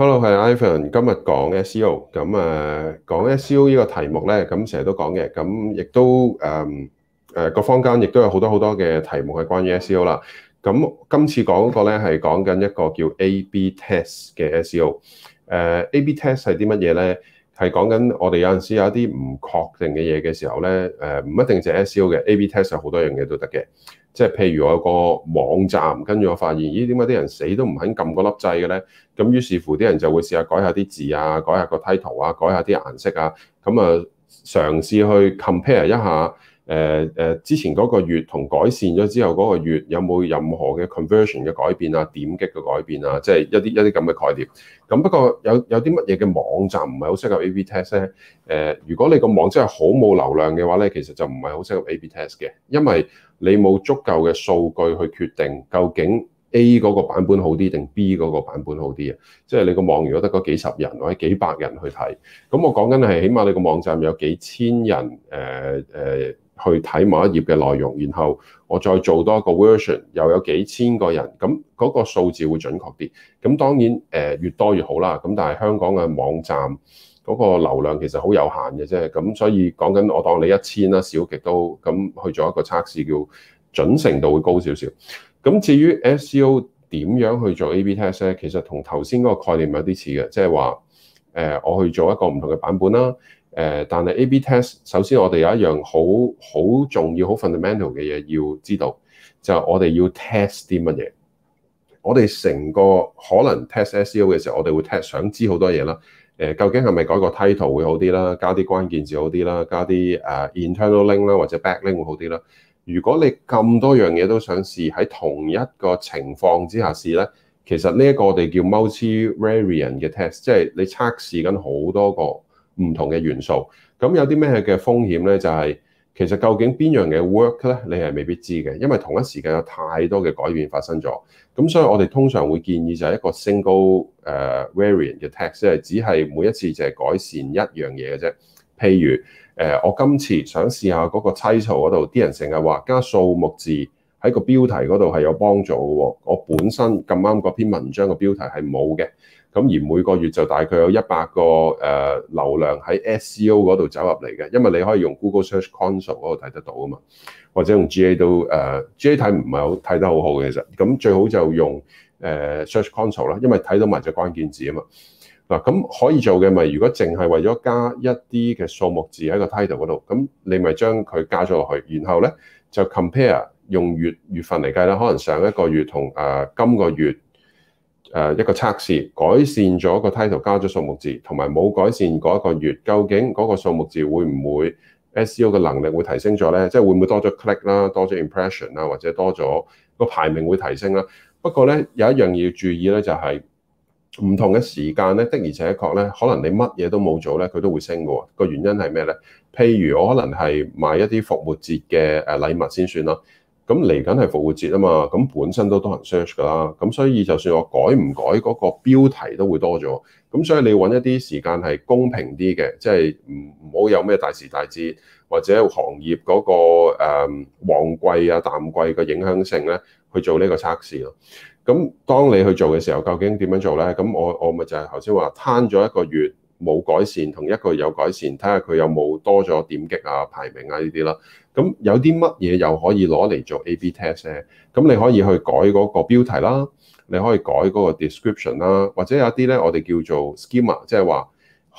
Hello，係 Ivan，今日講 SEO，咁、嗯、啊講 SEO 呢個題目咧，咁成日都講嘅，咁亦都誒誒各坊間亦都有好多好多嘅題目係關於 SEO 啦。咁、嗯、今次講個咧係講緊一個叫 AB test 嘅 SEO，誒、呃、AB test 係啲乜嘢咧？係講緊我哋有陣時有一啲唔確定嘅嘢嘅時候咧，誒唔一定淨係 SEO 嘅，A/B test 有好多樣嘢都得嘅，即係譬如我有個網站，跟住我發現，咦點解啲人死都唔肯撳嗰粒掣嘅咧？咁於是乎啲人就會試下改下啲字啊，改下個 title 啊，改下啲顏色啊，咁啊嘗試去 compare 一下。誒誒、呃，之前嗰個月同改善咗之後嗰個月有冇任何嘅 conversion 嘅改變啊、點擊嘅改變啊，即係一啲一啲咁嘅概念。咁不過有有啲乜嘢嘅網站唔係好適合 A/B test 咧？誒、呃，如果你個網真係好冇流量嘅話咧，其實就唔係好適合 A/B test 嘅，因為你冇足夠嘅數據去決定究竟 A 嗰個版本好啲定 B 嗰個版本好啲嘅。即係你個網如果得嗰幾十人或者幾百人去睇，咁我講緊係起碼你個網站有幾千人誒誒。呃呃去睇某一頁嘅內容，然後我再做多一個 version，又有幾千個人，咁嗰個數字會準確啲。咁當然誒、呃、越多越好啦。咁但係香港嘅網站嗰個流量其實好有限嘅啫。咁所以講緊我當你一千啦，少極都咁去做一個測試，叫準程度會高少少。咁至於 SEO 點樣去做 AB test 咧？其實同頭先嗰個概念有啲似嘅，即係話誒我去做一個唔同嘅版本啦。誒，但係 A/B test 首先，我哋有一樣好好重要、好 fundamental 嘅嘢要知道，就係、是、我哋要 test 啲乜嘢。我哋成個可能 test SEO 嘅時候，我哋會 test 想知好多嘢啦。誒，究竟係咪改個 title 會好啲啦？加啲關鍵字好啲啦？加啲誒 internal link 啦，或者 back link 會好啲啦？如果你咁多樣嘢都想試喺同一個情況之下試咧，其實呢一個我哋叫 multi-variant 嘅 test，即係你測試緊好多個。唔同嘅元素，咁有啲咩嘅風險呢？就係、是、其實究竟邊樣嘅 work 呢？你係未必知嘅，因為同一時間有太多嘅改變發生咗。咁所以我哋通常會建議就係一個 single 誒 variant 嘅 test，即係只係每一次就係改善一樣嘢嘅啫。譬如誒，我今次想試下嗰個 title 嗰度，啲人成日話加數目字喺個標題嗰度係有幫助嘅喎。我本身咁啱嗰篇文章嘅標題係冇嘅。咁而每個月就大概有一百個誒流量喺 SEO 嗰度走入嚟嘅，因為你可以用 Google Search Console 嗰度睇得到啊嘛，或者用 G A 都誒 G A 睇唔係好睇得好好嘅其實，咁最好就用誒、uh, Search Console 啦，因為睇到埋就關鍵字啊嘛。嗱，咁可以做嘅咪，如果淨係為咗加一啲嘅數目字喺個 title 嗰度，咁你咪將佢加咗落去，然後咧就 compare 用月月份嚟計啦，可能上一個月同誒、uh, 今個月。誒一個測試改善咗個 title 加咗數目字，同埋冇改善嗰一個月，究竟嗰個數目字會唔會 SEO 嘅能力會提升咗呢？即係會唔會多咗 click 啦，多咗 impression 啦，或者多咗個排名會提升啦？不過呢，有一樣要注意呢，就係唔同嘅時間呢的而且確呢，可能你乜嘢都冇做呢，佢都會升嘅喎。個原因係咩呢？譬如我可能係買一啲復活節嘅誒禮物先算啦。咁嚟緊係復活節啊嘛，咁本身都多人 search 噶啦，咁所以就算我改唔改嗰個標題都會多咗，咁所以你揾一啲時間係公平啲嘅，即係唔唔好有咩大時大節或者行業嗰個、嗯、旺季啊淡季嘅影響性咧，去做呢個測試咯。咁當你去做嘅時候，究竟點樣做咧？咁我我咪就係頭先話攤咗一個月冇改善，同一個月有改善，睇下佢有冇多咗點擊啊、排名啊呢啲啦。咁有啲乜嘢又可以攞嚟做 A/B test 咧？咁你可以去改嗰個標題啦，你可以改嗰個 description 啦，或者有一啲咧我哋叫做 schema，即係話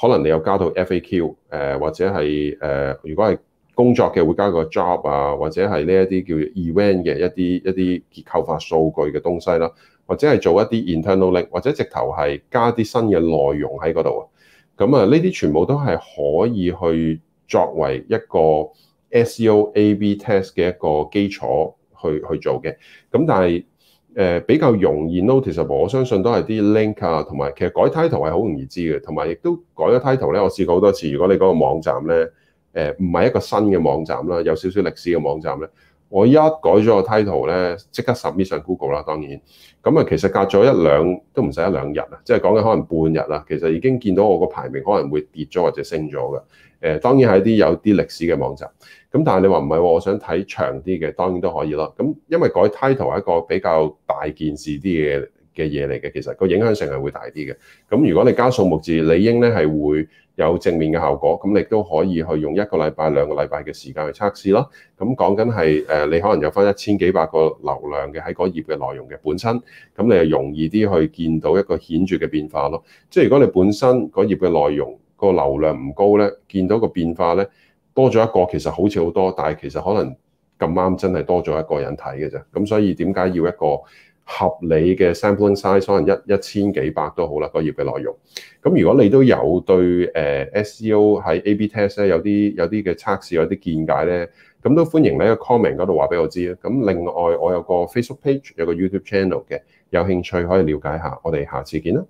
可能你有加到 FAQ，誒或者係誒、呃、如果係工作嘅會加個 job 啊，或者係呢、e、一啲叫 event 嘅一啲一啲結構化數據嘅東西啦，或者係做一啲 internal link，或者直頭係加啲新嘅內容喺嗰度。咁啊，呢啲全部都係可以去作為一個。SEO A/B test 嘅一個基礎去去做嘅，咁但係誒、呃、比較容易 noticeable，我相信都係啲 link 啊，同埋其實改 title 係好容易知嘅，同埋亦都改咗 title 咧，我試過好多次。如果你嗰個網站咧，誒唔係一個新嘅網站啦，有少少歷史嘅網站咧。我一改咗個 title 咧，即刻 submit 上，上 Google 啦，當然咁啊，其實隔咗一兩都唔使一兩日啊，即係講緊可能半日啦，其實已經見到我個排名可能會跌咗或者升咗嘅。誒，當然係啲有啲歷史嘅網站。咁但係你話唔係喎，我想睇長啲嘅，當然都可以咯。咁因為改 title 係一個比較大件事啲嘅。嘅嘢嚟嘅，其實個影響性係會大啲嘅。咁如果你加數目字，理應咧係會有正面嘅效果。咁你都可以去用一個禮拜、兩個禮拜嘅時間去測試咯。咁講緊係誒，你可能有翻一千幾百個流量嘅喺個頁嘅內容嘅本身，咁你就容易啲去見到一個顯著嘅變化咯。即係如果你本身個頁嘅內容個流量唔高咧，見到個變化咧多咗一個，其實好似好多，但係其實可能咁啱真係多咗一個人睇嘅啫。咁所以點解要一個？合理嘅 sampling size 可能一一千幾百都好啦，個頁嘅內容。咁如果你都有對誒 SEO 喺 A/B test 咧有啲有啲嘅測試有啲見解咧，咁都歡迎你個 comment 嗰度話俾我知啦。咁另外我有個 Facebook page 有個 YouTube channel 嘅，有興趣可以了解下。我哋下次見啦。